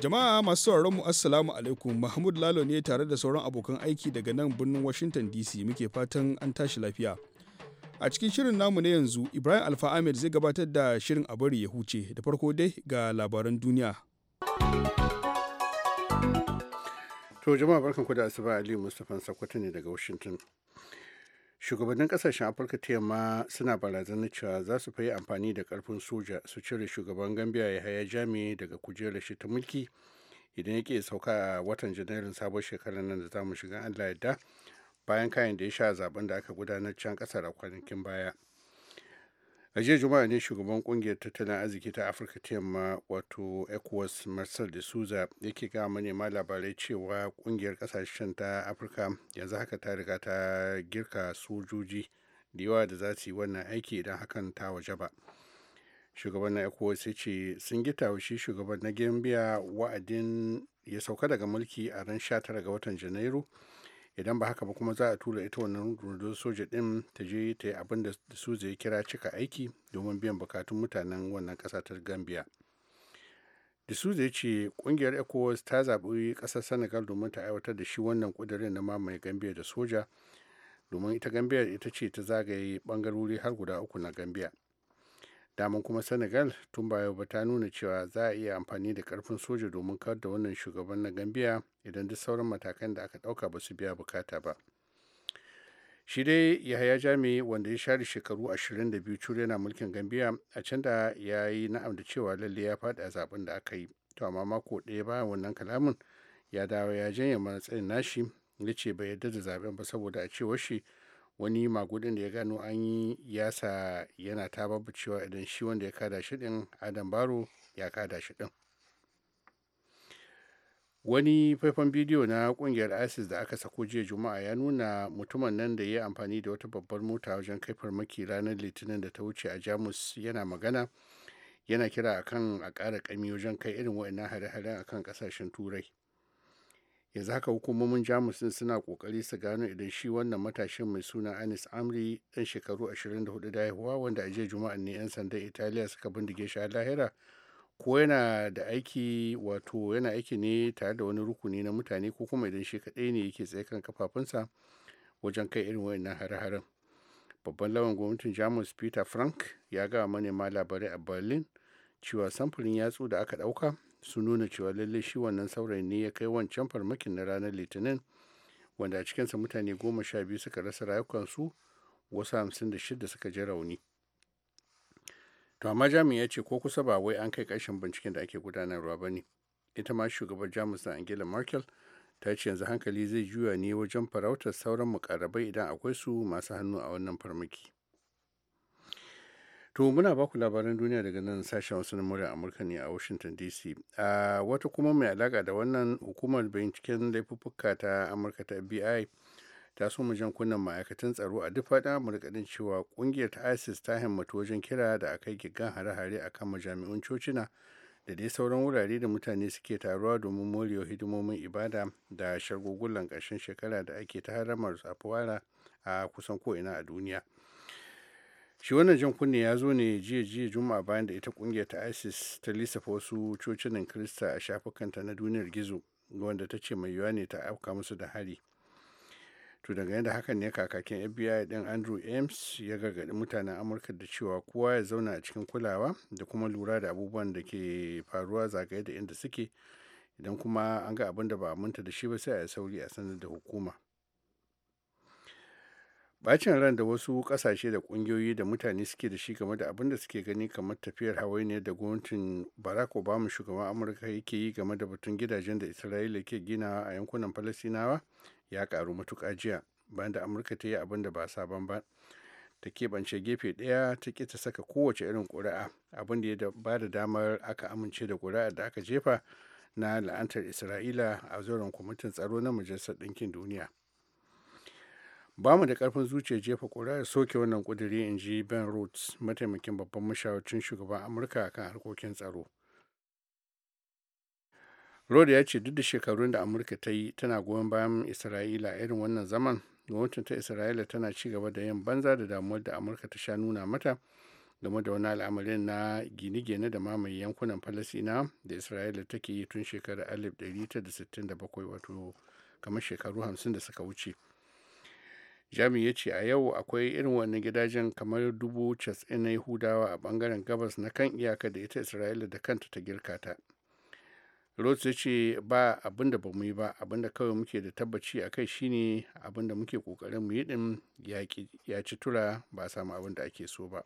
Jama'a masu sauraron mu Assalamu alaikum Mahmud Lalo ne tare da sauran abokan aiki daga nan birnin Washington DC muke fatan an tashi lafiya. A cikin shirin namu na yanzu Ibrahim Alfa Ahmed zai gabatar da shirin a bari ya huce da farko dai ga labaran duniya. To jama'a barkan ku da asuba Aliyu Mustapha Sakwato ne daga Washington. shugabannin kasashen afirka ta yamma suna barazanar cewa za su fayi amfani da karfin soja su cire shugaban gambia ya haya jami daga kujerar shi ta mulki idan yake sauka a watan janairun sabon shekarar nan da zamu shiga allah yadda bayan kayan da ya sha zaben da aka gudanar can kasar a kwanakin baya a jiya juma'a ne shugaban kungiyar tattalin arziki ta afirka ta yamma wato ecowas marcel de souza yake ga manema labarai cewa kungiyar kasashen ta afirka yanzu haka ta riga ta girka sojoji da yawa da za su yi wannan aiki idan hakan ta waje ba shugaban na ecowas ya ce sun gita shi shugaban na gambia wa'adin ya sauka daga mulki a ran 19 ga watan janairu idan ba haka ba kuma za a tura ita wannan rundunar soja din ta je ta yi abin da su zai kira cika aiki domin biyan bukatun mutanen wannan ƙasa ta gambia da su zai ce kungiyar ecowas ta zaɓi ƙasar senegal domin ta aiwatar da shi wannan ƙudurin na mamaye gambia da soja domin ita gambia ita ce ta zagaye ɓangarori har guda uku na gambia daman kuma senegal tun baya ba ta nuna cewa za a iya amfani da karfin soja domin kawar da wannan shugaban na gambia idan duk sauran matakan da aka dauka ba su biya bukata ba shi dai yahaya jami wanda ya share shekaru 22 cure yana mulkin gambia a can da ya yi na'am da cewa lalle ya faɗi a zaben da aka yi to amma mako ɗaya bayan wannan kalamin ya dawo ya janye matsayin nashi ya ce bai yarda da zaben ba saboda a cewar shi wani magudin da ya gano an yi yasa yana ta babu cewa idan shi wanda ya kada shi din adam baro ya kada shi din wani faifan bidiyo na kungiyar isis da aka sako jiya juma'a ya nuna mutumin nan da ya amfani da wata babbar mota wajen kai farmaki ranar litinin da ta wuce a jamus yana magana yana kira akan a ƙara kami wajen kai irin waɗannan hare-haren akan ƙasashen turai yanzu haka hukumomin jamus din suna kokari su gano idan shi wannan matashin mai suna anis amri dan shekaru 24 da haihuwa wanda a jiya juma'a ne 'yan sandan italiya suka bindige shi a lahira ko yana da aiki wato yana aiki ne tare da wani rukuni na mutane ko kuma idan shi kaɗai ne yake tsaye kan kafafunsa wajen kai irin wayannan hare-haren babban lawan gwamnatin jamus peter frank ya ga manema labarai a berlin cewa samfurin yatsu da aka ɗauka su nuna cewa lallai shi wannan saurayin ne ya kai wancan farmakin na ranar litinin wanda a cikinsa mutane goma sha biyu suka rasa rayukansu wasu hamsin da shida suka ji rauni to amma jami'in ya ce ko kusa ba wai an kai kashin binciken da ake gudanarwa ba ne ita ma shugabar jamus na angela merkel ta ce yanzu hankali zai juya ne wajen farautar sauran mukarrabai idan akwai su masu hannu a wannan farmaki To muna baku labaran duniya daga nan sashen wasu murya Amurka ne a Washington DC. A wata kuma mai alaka da wannan hukumar binciken laifuffuka ta Amurka ta FBI ta so jan kunnen ma'aikatan tsaro a duk faɗin Amurka din cewa ƙungiyar ta ISIS ta himmatu wajen kira da aka gigan hare-hare a kan majami'un cocina da dai sauran wurare da mutane suke taruwa domin morewa hidimomin ibada da shagulgulan ƙarshen shekara da ake ta haramar a kusan ko'ina a duniya. shi wannan jan kunne ya zo ne jiya jiya juma'a bayan da ita kungiyar ta isis ta lissafa wasu cocinan krista a shafukanta na duniyar gizo wanda ta ce mai yiwuwa ne ta afka musu da hari to daga yadda hakan ne kakakin fbi din andrew ames ya gargaɗi mutanen amurka da cewa kowa ya zauna a cikin kulawa da kuma lura da abubuwan da ke faruwa zagaye da inda suke idan kuma an ga abin da ba a munta da shi ba sai a yi sauri a sanar da hukuma bacin ran da wasu kasashe da kungiyoyi da mutane suke da shi game da abin da suke gani kamar tafiyar ne da gwamnatin barack obama shugaban amurka yake yi game da batun gidajen da isra'ila ke ginawa a yankunan falasinawa ya karu matuka jiya bayan da amurka ta yi abin da ba saban ba ta keɓance gefe ɗaya ta ƙi ta saka kowace irin ƙuri'a abin da ya ba da damar aka amince da ƙuri'a da aka jefa na la'antar isra'ila a zoron kwamitin tsaro na majalisar ɗinkin duniya ba mu da karfin zuciya jefa ƙuri'ar soke wannan kuduri in ji ben roots mataimakin babban mashawarcin shugaban amurka kan harkokin tsaro rod ya ce duk da shekarun da amurka ta yi tana goyon bayan isra'ila irin wannan zaman gwamnatin ta isra'ila tana ci gaba da yin banza da damuwar da amurka ta sha nuna mata game da wani al'amarin na gine-gine da mamaye yankunan falasina da isra'ila take yi tun shekarar 1967 wato kamar shekaru 50 da suka wuce jami ya ce a yau akwai irin wani gidajen kamar dubu casa'in na yahudawa a bangaren gabas na kan iyaka da ita isra'ila da kanta ta girkata ta ya ce ba abin da ba mu yi ba abin da kawai muke da tabbaci a kai shine abin da muke kokarin mu yi din ya ci tura ba a samu abin da ake so ba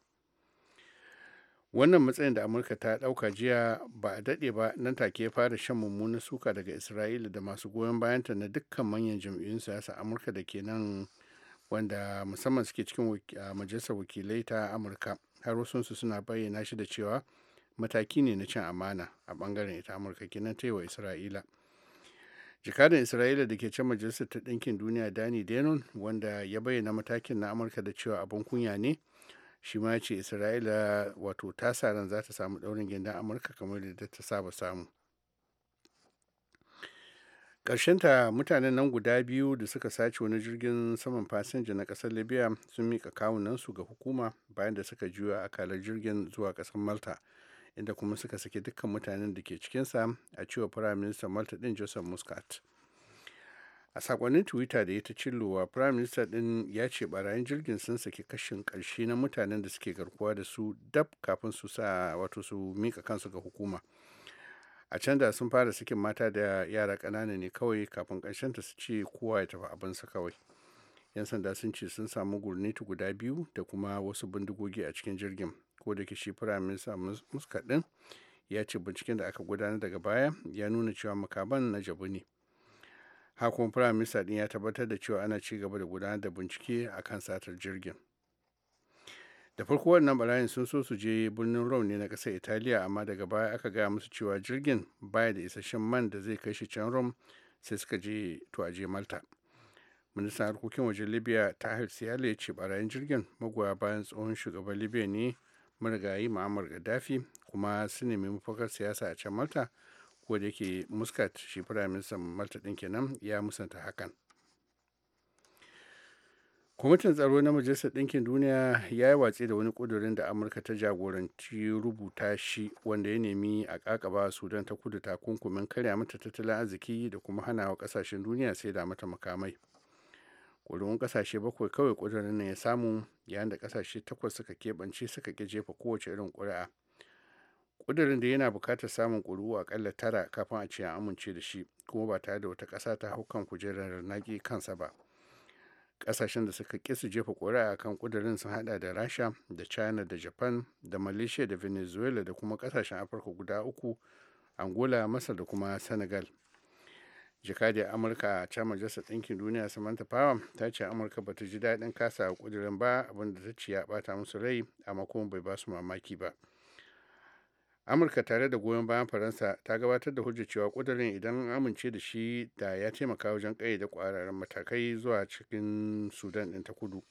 wannan matsayin da amurka ta dauka jiya ba a daɗe ba nan take ya fara shan mummunan suka daga isra'ila da masu goyon bayanta na dukkan manyan jam'iyyun siyasa amurka da ke nan wanda musamman suke cikin majalisar wakilai ta amurka har wasunsu suna bayyana shi da cewa mataki ne na cin amana a bangaren ita amurka kenan ta yi wa isra'ila jakadan isra'ila da ke can majalisar ta ɗinkin duniya dani denon wanda ya bayyana matakin na amurka da cewa abin kunya ne shi ma ce isra'ila wato ta sa ran za ta samu ɗaurin gindin amurka kamar da ta saba samu ta mutanen nan guda biyu da suka sace wani jirgin saman fasinja na ƙasar libya sun mika kawunansu ga hukuma bayan da suka juya akalar jirgin zuwa ƙasar malta inda kuma suka saki dukkan mutanen da ke cikinsa a cewa firaministan malta din joseph muscat a sakonnin twitter da ya ta cillowa prime minister din ya ce barayin jirgin sun saki kashin ƙarshe na mutanen da suke garkuwa da su dab kafin su sa wato su mika kansu ga hukuma a can sun fara sakin mata da yara ƙanana ne kawai kafin ta su ce kowa ya tafi abinsa kawai yan sanda sun ce sun samu gurnitu guda biyu da kuma wasu bindigogi a cikin jirgin ko da shi firayim muska ɗin ya ce binciken da aka gudanar daga baya ya nuna cewa makaban na jabu ne hakun firaminista ɗin ya tabbatar da cewa ana ci gaba da gudanar da bincike akan satar jirgin da farko wannan barayin sun so su je birnin rome ne na ƙasar italiya amma daga baya aka gaya musu cewa jirgin baya da isasshen man da zai kai shi can rome sai suka je to a je malta ministan harkokin wajen libya tahir siyale ya ce barayin jirgin magoya bayan tsohon shugaban libya ne marigayi ma'amar gaddafi kuma su nemi mafakar siyasa a can malta ko da yake muscat shi firaministan malta ɗin kenan ya musanta hakan kwamitin tsaro na majalisar ɗinkin duniya ya yi watsi da wani ƙudurin da amurka ta jagoranci rubuta shi wanda ya nemi a ƙaƙaba sudan ta kudu takunkumin karya mata tattalin arziki da kuma hana wa ƙasashen duniya sai da mata makamai ƙudurin ƙasashe bakwai kawai ƙudurin nan ya samu yayin da ƙasashe takwas suka keɓance suka ƙi jefa kowace irin ƙuri'a ƙudurin da yana buƙatar samun ƙuri'u aƙalla tara kafin a ce an amince da shi kuma ba tare da wata ƙasa ta hau kan kujerar naƙi kansa ba kasashen da suka ƙi su jefa ƙuri'a kan ƙudurin sun hada da rasha da china da japan da malaysia da venezuela da kuma kasashen afirka guda uku angola masar da kuma senegal jakadiyar amurka a can majalisar ɗinkin duniya samantha power ta ce amurka bata ji daɗin kasa ƙudurin ba abinda ta ce ya ɓata musu rai amma kuma bai ba su mamaki ba amurka tare da goyon bayan faransa ta gabatar da hujjar cewa kudirin idan an amince da shi da ya taimaka wajen da kwararren matakai zuwa cikin sudan din ta kudu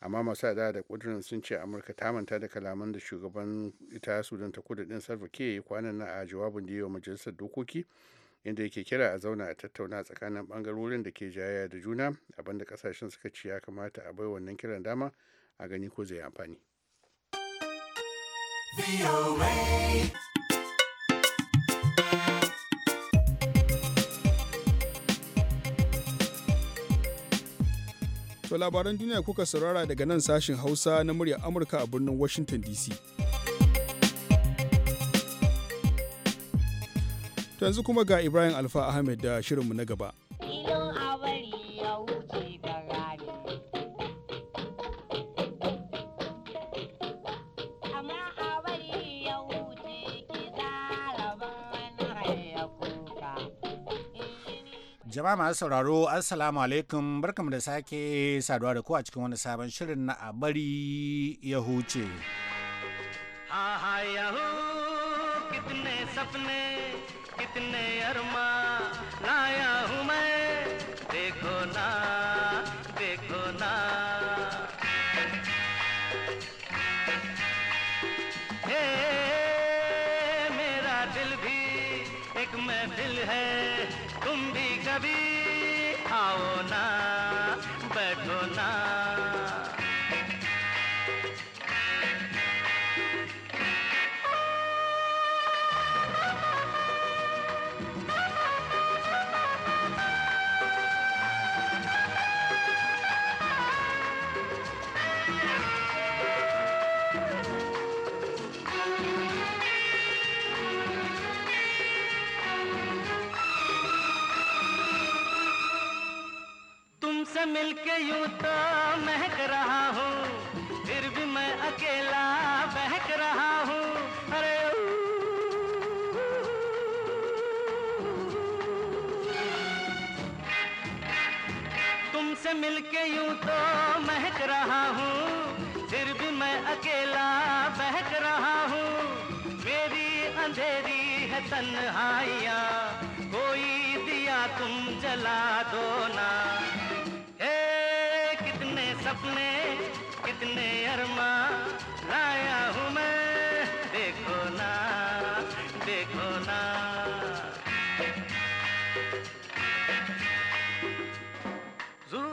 amma masu hada da kudirin sun ce amurka ta manta da kalaman da shugaban ita sudan ta kudu ɗin sarfa ke kwanan na a jawabin da yi wa majalisar dokoki inda yake kira a zauna a tattauna tsakanin bangarorin da ke jayaya da juna abinda kasashen suka ce ya kamata a bai wannan kiran dama a gani ko zai amfani To labaran duniya kuka saurara daga nan sashin Hausa na muryar Amurka a birnin Washington DC. To yanzu kuma ga Ibrahim Alfa Ahmed da shirinmu na gaba. Jama'a masu sauraro, Assalamu alaikum, barkamu da sake saduwa da ku a cikin wani sabon shirin na a bari ya huce. kitne sapne kitne arma laya कभी आओ ना बैठो ना यूं तो महक रहा हूँ फिर भी मैं अकेला बहक रहा हूँ अरे तुमसे मिलके यूं तो महक रहा हूँ फिर भी मैं अकेला बहक रहा हूँ मेरी अंधेरी है तन्हाइया कोई दिया तुम जला दो ना अपने कितने अरमा लाया हूँ मैं देखो ना देखो ना जू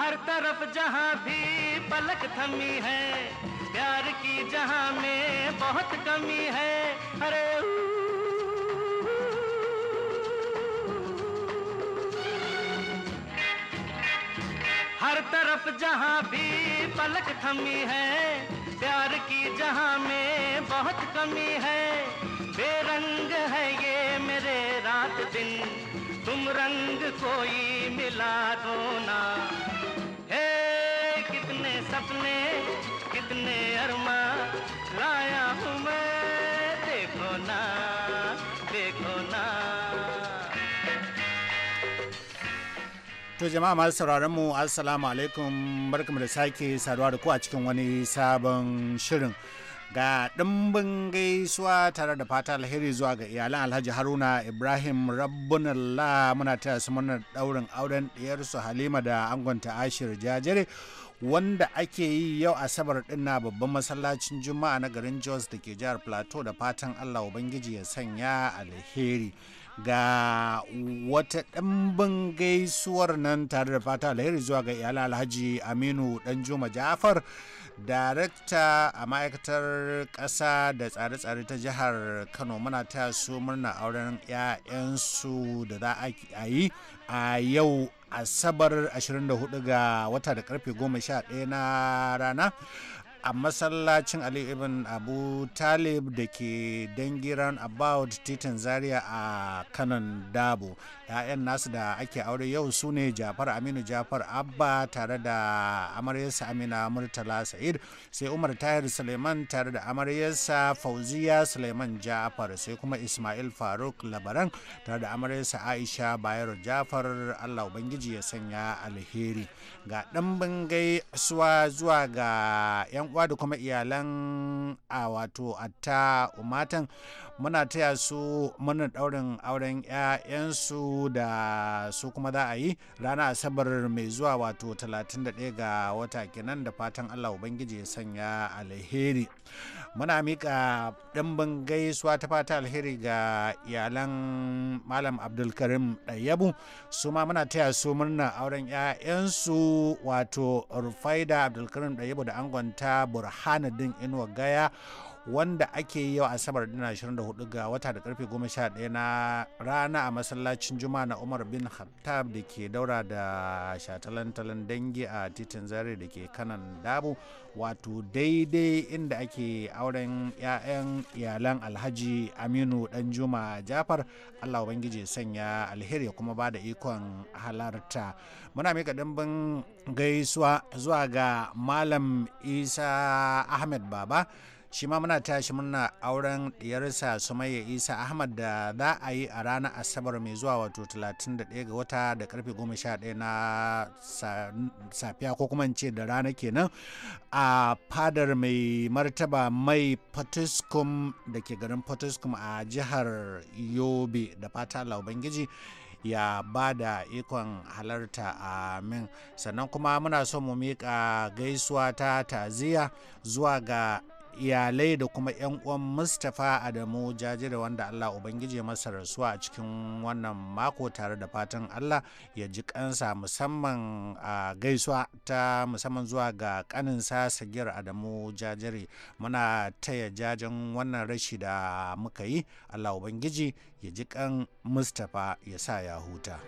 हर तरफ जहाँ भी पलक थमी है जहां में बहुत कमी है अरे हर तरफ जहां भी पलक थमी है प्यार की जहां में बहुत कमी है बेरंग है ये मेरे रात दिन तुम रंग कोई मिला दो ना To jama'a masu sauraron mu assalamu alaikum barkamu da sake saduwa da ku a cikin wani sabon shirin. Ga dimbin gaisuwa tare da fata alheri zuwa ga iyalan Alhaji Haruna Ibrahim Rabbunallah muna taya su murnar daurin auren ɗiyarsu Halima da angonta Ashir Jajere. wanda ake yi yau asabar din na babban masallacin juma'a na garin jos da ke jihar plateau da fatan allah ubangiji ya sanya alheri ga wata ɗimbin gaisuwar nan tare da fata alheri zuwa ga iyalan alhaji aminu dan juma jafar darakta a ma'aikatar ƙasa da tsare-tsare ta jihar kano muna ta su murna auren 'ya'yansu da za a yi a yau asabar 24 ga wata da karfe 11 na rana a masallacin ali ibn abu talib da ke dangiran about titin zaria a kanan dabo 'ya'yan nasu da ake aure yau su ne jafar aminu jafar abba tare da amaryarsa amina murtala sa'id sai umar tahir suleiman tare da amaryarsa fauziya suleiman jafar sai kuma ismail faruk labaran tare da amaryarsa aisha bayero jafar allah ubangiji ya sanya alheri ga ɗan bangai suwa zuwa ga 'yan uwa da kuma iyalan a wato atta umatan muna taya su muna ɗaurin auren 'ya'yansu da su kuma za a yi rana asabar mai zuwa wato 31 ga wata kenan da fatan allah ubangiji ya sanya alheri muna mika ɗimbin gaisuwa ta fata alheri ga iyalan malam abdulkarim ɗayyabu su ma muna taya su murnar auren 'ya'yansu wato rufaida abdulkarim ɗayyabu da angonta burhanuddin inuwa gaya wanda ake yi yau asabar dina 24 ga wata da karfe 11 na rana a masallacin juma na umar bin khattab da ke daura da shatalantalan dangi a titin zare da ke kanan dabu wato daidai inda ake auren 'ya'yan iyalan alhaji aminu dan juma jafar allah ubangiji sanya alheri kuma ba da ikon halarta muna mika dimbin gaisuwa zuwa ga malam isa ahmed baba shi ma muna tashi muna auren diyarsa sumayya isa ahmad da za a yi a ranar asabar mai zuwa wato 31 ga wata da karfe 11 na safiya ko kuma ce da rana kenan a fadar mai martaba mai potiskum da ke garin potiskum a jihar yobe da fata laubangiji ubangiji ya ba da ikon halarta amin sannan kuma muna so mu miƙa gaisuwa ta taziya zuwa ga iyalai da kuma 'yan uwan mustapha adamu jajira wanda allah ubangiji masa rasuwa a cikin wannan mako tare da fatan allah ya ji kansa musamman a gaisuwa ta musamman zuwa ga kaninsa sagir adamu jajire muna taya jajen wannan rashi da muka yi allah ubangiji ya ji kan mustapha ya sa ya huta.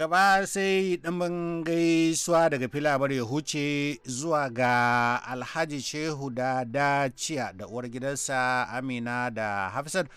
gaba sai ɗimbin gaisuwa daga filabar ya huce zuwa ga alhaji shehu da daciya da uwar gidansa amina da hafsat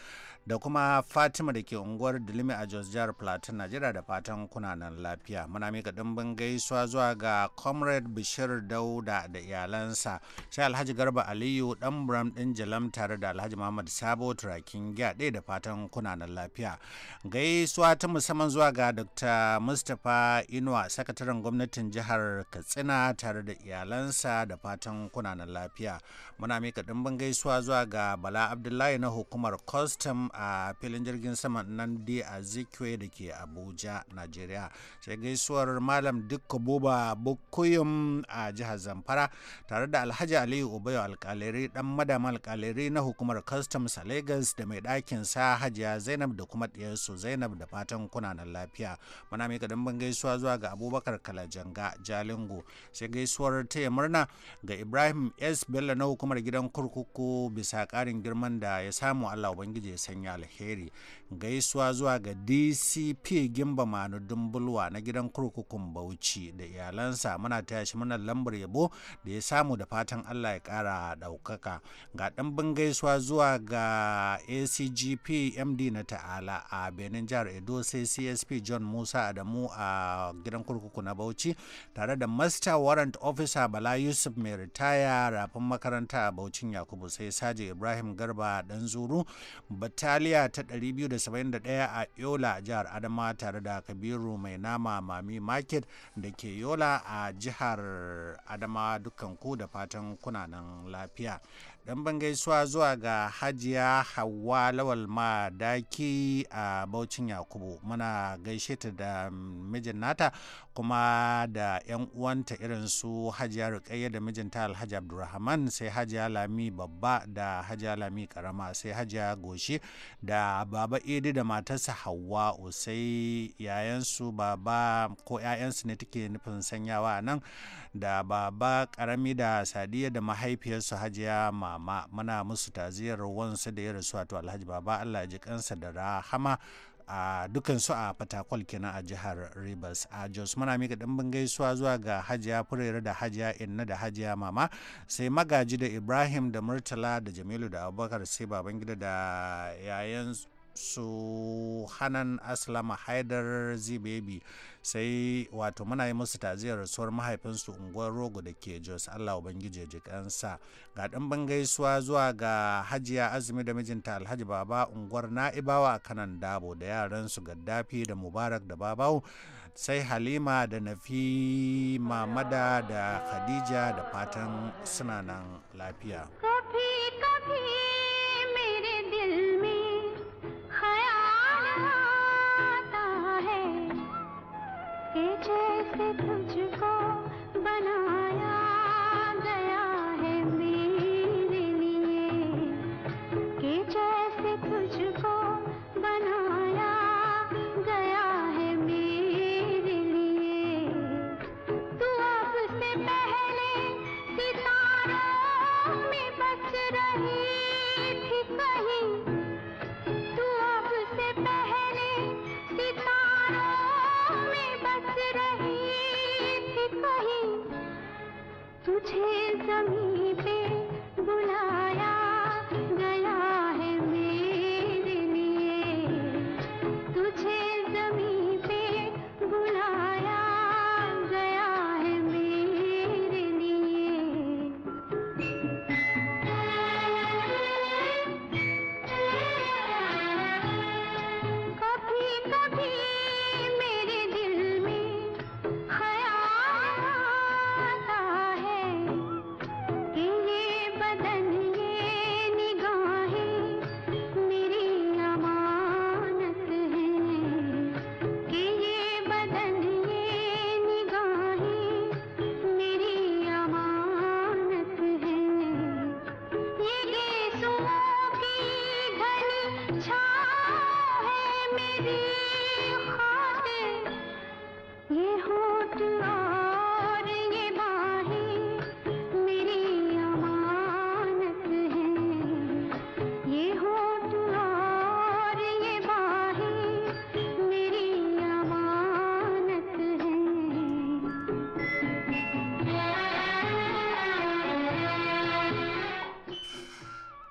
da kuma fatima da ke unguwar dilimi a jos jihar platin najeriya da fatan kunanan lafiya muna mika dimbin gaisuwa zuwa ga comrade bishir dauda da iyalansa sai alhaji garba aliyu dan buram din jalam tare da alhaji muhammad sabo turakin ɗaya da fatan kunanan lafiya gaisuwa ta musamman zuwa ga dr mustapha inuwa sakataren gwamnatin jihar katsina tare da iyalansa da fatan kunanan lafiya muna mika dimbin gaisuwa zuwa ga bala abdullahi na hukumar custom a filin jirgin sama nan dai a zikwe da ke abuja nigeria sai gaisuwar malam dukka Buba bukuyum a jihar zamfara tare da alhaji aliyu ubayo alkaliri dan madama alkaliri na hukumar customs a lagos da mai ɗakin sa hajiya zainab da kuma ɗiyarsu zainab da fatan kunanan lafiya muna mika ban gaisuwa zuwa ga abubakar kalajanga jalingo sai gaisuwar taya murna ga ibrahim s bello na hukumar gidan kurkuku bisa ƙarin girman da ya samu allah ubangiji ya sanya alheri gaisuwa zuwa ga dcp gimba manu dumbulwa na gidan kurkukun bauchi da iyalansa muna ta shi muna lambar yabo da ya samu da fatan allah ya kara daukaka ga bin gaisuwa zuwa ga acgp md na ta'ala a benin jihar edo sai csp john musa adamu a gidan kurkuku na bauchi tare da master warrant officer bala yusuf mai ritaya rafin makaranta a bauchin yakubu sai saje ibrahim garba dan zuru bata Italiya ta 271 a Yola a jihar Adama tare da Kabiru mai nama Mami Market da ke Yola a jihar Adama dukkan ku da fatan kunanan lafiya. ɗan gaisuwa zuwa ga hajiya hawa lawal madaki a baucin yakubu muna gaishe ta da mijin nata kuma da 'yan uwanta irin su hajiya rukayya da mijinta alhaji Abdurrahman, sai hajiya lami babba da hajiya lami karama sai hajiya goshi da baba idi da matarsa hawa sai yayansu baba ko 'ya'yansu ne take nufin sanyawa nan da baba karami da sadiya da mahaifiyarsu hajiya ma mama muna musu taziyar wansu da ya rasu wato alhaji baba allah ji kansa da rahama a dukansu a fatakwal kenan a jihar rivers a jos muna mika dimbin gaisuwa zuwa ga hajiya furera da hajiya inna da hajiya mama sai magaji da ibrahim da murtala da jamilu da abubakar sai baban gida da yayan su hanan aslama haidar zibebi sai wato muna yi musu taziyar rasuwar mahaifinsu unguwar rogo da ke jos allah ubangiji ya jikansa ga ɗimbin gaisuwa zuwa ga hajiya azumi da mijinta alhaji baba unguwar na'ibawa a kanan dabo da yaran su gaddafi da mubarak da babau sai halima da nafi mamada da khadija da fatan suna nan lafiya kafi kafi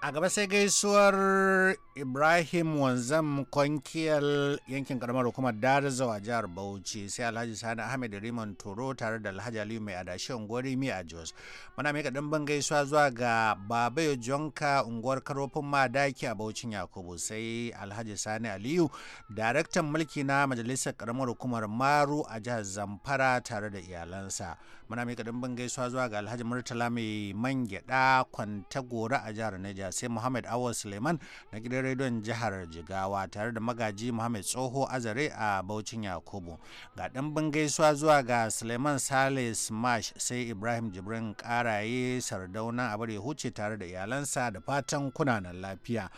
Acabas de que ar... ibrahim wanzam kwankiyar yankin karamar hukumar darazau a jihar bauchi sai alhaji sani ahmed riman toro tare da alhaji aliyu mai adashin gorimi a jos muna mai kaɗan ban gaisuwa zuwa ga babayo jonka unguwar karofin madaki a bauchin yakubu sai alhaji sani aliyu daraktan mulki na majalisar karamar hukumar maru a jihar zamfara tare da iyalansa muna mai kaɗan ban gaisuwa zuwa ga alhaji murtala mai mangyaɗa, kwanta gora a jihar niger sai muhammad awa suleiman na gidan gidan jihar jigawa tare da magaji muhammad tsoho azare a baucin yakubu ga ɗimbin gaisuwa zuwa ga suleiman salis smash sai ibrahim jibrin karaye sardauna a bare huce tare da iyalansa da fatan kunanan lafiya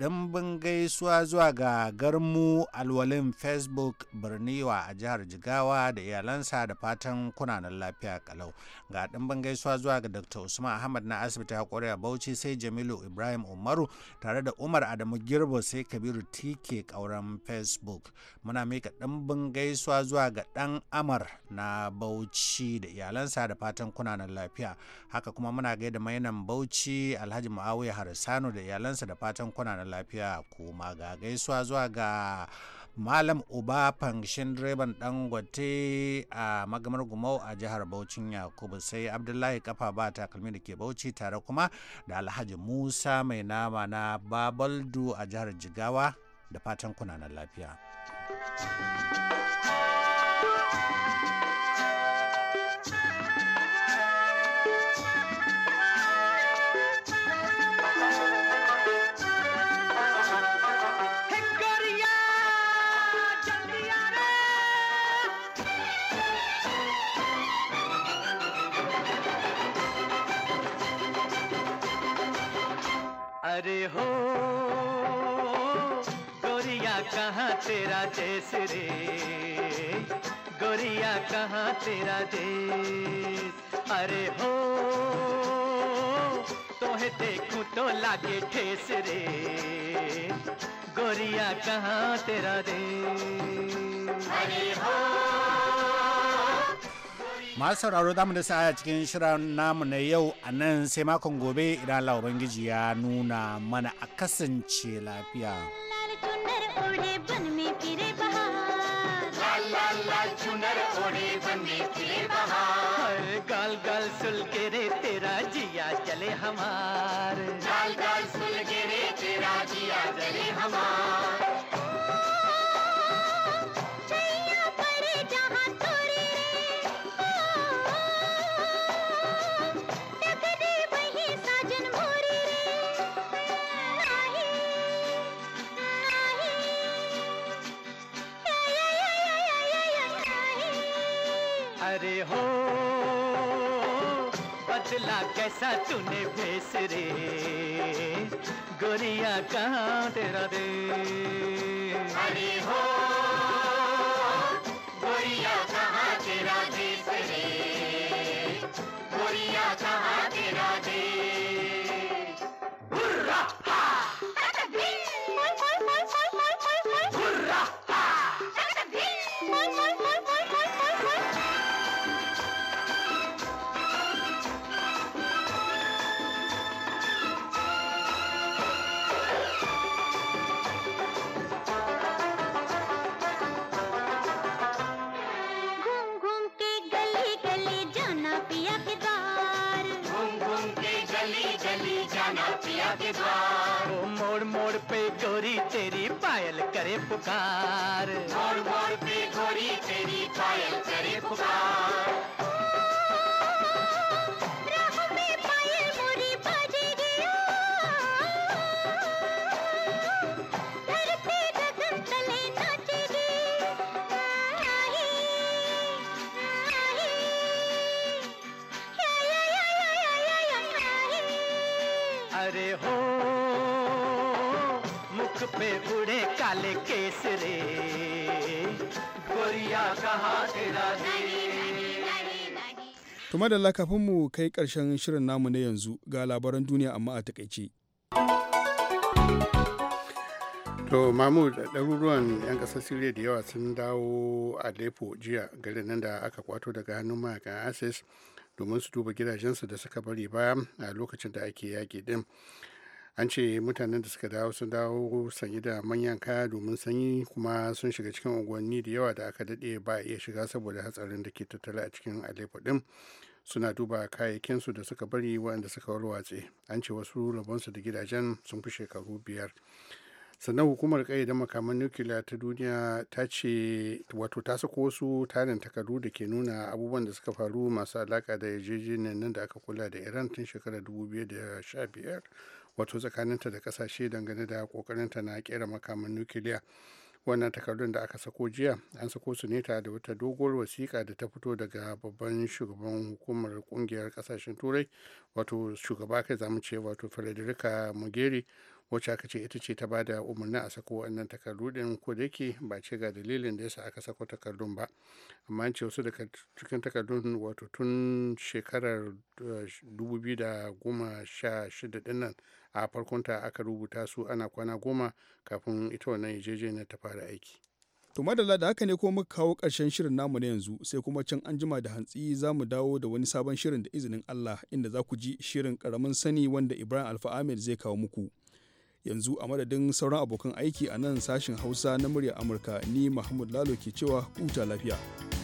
ɗimbin gaisuwa zuwa ga garmu alwalin facebook birniwa a jihar jigawa da iyalansa da fatan kunanan lafiya kalau ga ɗimbin gaisuwa zuwa ga dr usman ahmad na asibiti haƙuri a bauchi sai jamilu ibrahim umaru tare da umar adamu girbo sai kabiru tike ƙauren facebook muna mika ɗimbin gaisuwa zuwa ga ɗan amar na bauchi da iyalansa da fatan kunanan lafiya haka kuma muna gaida mainan bauchi alhaji muawiya harisano da iyalansa da fatan kunanan lafiya kuma ga gaisuwa zuwa ga malam uba direban dangote a magamar gumau a jihar baucin yakubu sai abdullahi kafa ba takalmi da ke bauchi tare kuma da alhaji musa mai nama na babaldu a jihar jigawa da fatan kunanan lafiya. कहाँ तेरा देश रे गोरिया कहाँ तेरा देश अरे हो तोहे देखूं तो लागे ठेस रे गोरिया कहाँ तेरा देश अरे हो masu sauraro za mu da sa'a cikin shirin namu na yau a nan sai makon gobe idan Allah Ubangiji ya nuna mana a kasance lafiya. हर गाल गाल सुल के रे तेरा जिया चले हमार गाल गाल सुल के रे तेरा जिया चले हमार कैसा तूने भेस रे गोरिया कहाँ तेरा दे हरी हो गोरिया कहाँ तेरा भेस रे गोरिया कहाँ नीचा नाचिया के द्वार मोड़ मोड़ पे गोरी तेरी पायल करे पुकार मोड़ मोड़ पे गोरी तेरी पायल करे पुकार To da kafin mu kai ƙarshen shirin namu na yanzu ga labaran duniya amma a takaice. To Mahmud ɗaruruwan 'yan ƙasar Siriya da yawa sun dawo Aleppo jiya garin nan da aka kwato daga hannun mayakan ISIS domin su duba gidajensu da suka bari baya a lokacin da ake yaƙi din. an ce mutanen da suka dawo sun dawo sanye da manyan kaya domin sanyi kuma sun shiga cikin unguwanni da yawa da aka daɗe ba iya shiga saboda hatsarin da ke tattala a cikin aleppo din suna duba kayayyakinsu da suka bari waɗanda suka warwatse an ce wasu rabonsu da gidajen sun fi shekaru biyar sannan hukumar da makaman nukiliya ta duniya ta ce wato ta sako wasu tarin takardu da ke nuna abubuwan da suka faru masu alaka da yarjejeniyar nan da aka kula da iran tun shekarar 2015 wato tsakaninta da kasashe dangane da kokarinta na kera makaman nukiliya wannan takardun da aka sako jiya an sako su ne tare da wata doguwar wasiƙa da ta fito daga babban shugaban hukumar kungiyar kasashen turai wato shugaba kai zamu ce wato frederica mugeri wacce aka ce ita ce ta ba da umarni a sako wannan takardu din ko da yake ba ce ga dalilin da yasa aka sako takardun ba amma an ce wasu daga cikin takardun wato tun shekarar 2016 eh, din nan a farkonta aka rubuta su ana kwana goma kafin ita wannan yarjejeniyar ta fara aiki to madalla da haka ne kuma muka kawo ƙarshen shirin namu na yanzu sai kuma can an jima da hantsi za mu dawo da wani sabon shirin da izinin Allah inda za ku ji shirin karamin sani wanda Ibrahim Alfa Ahmed zai kawo muku yanzu a madadin sauran abokan aiki a nan sashen Hausa na murya Amurka ni Mahmud Lalo ke cewa kuta lafiya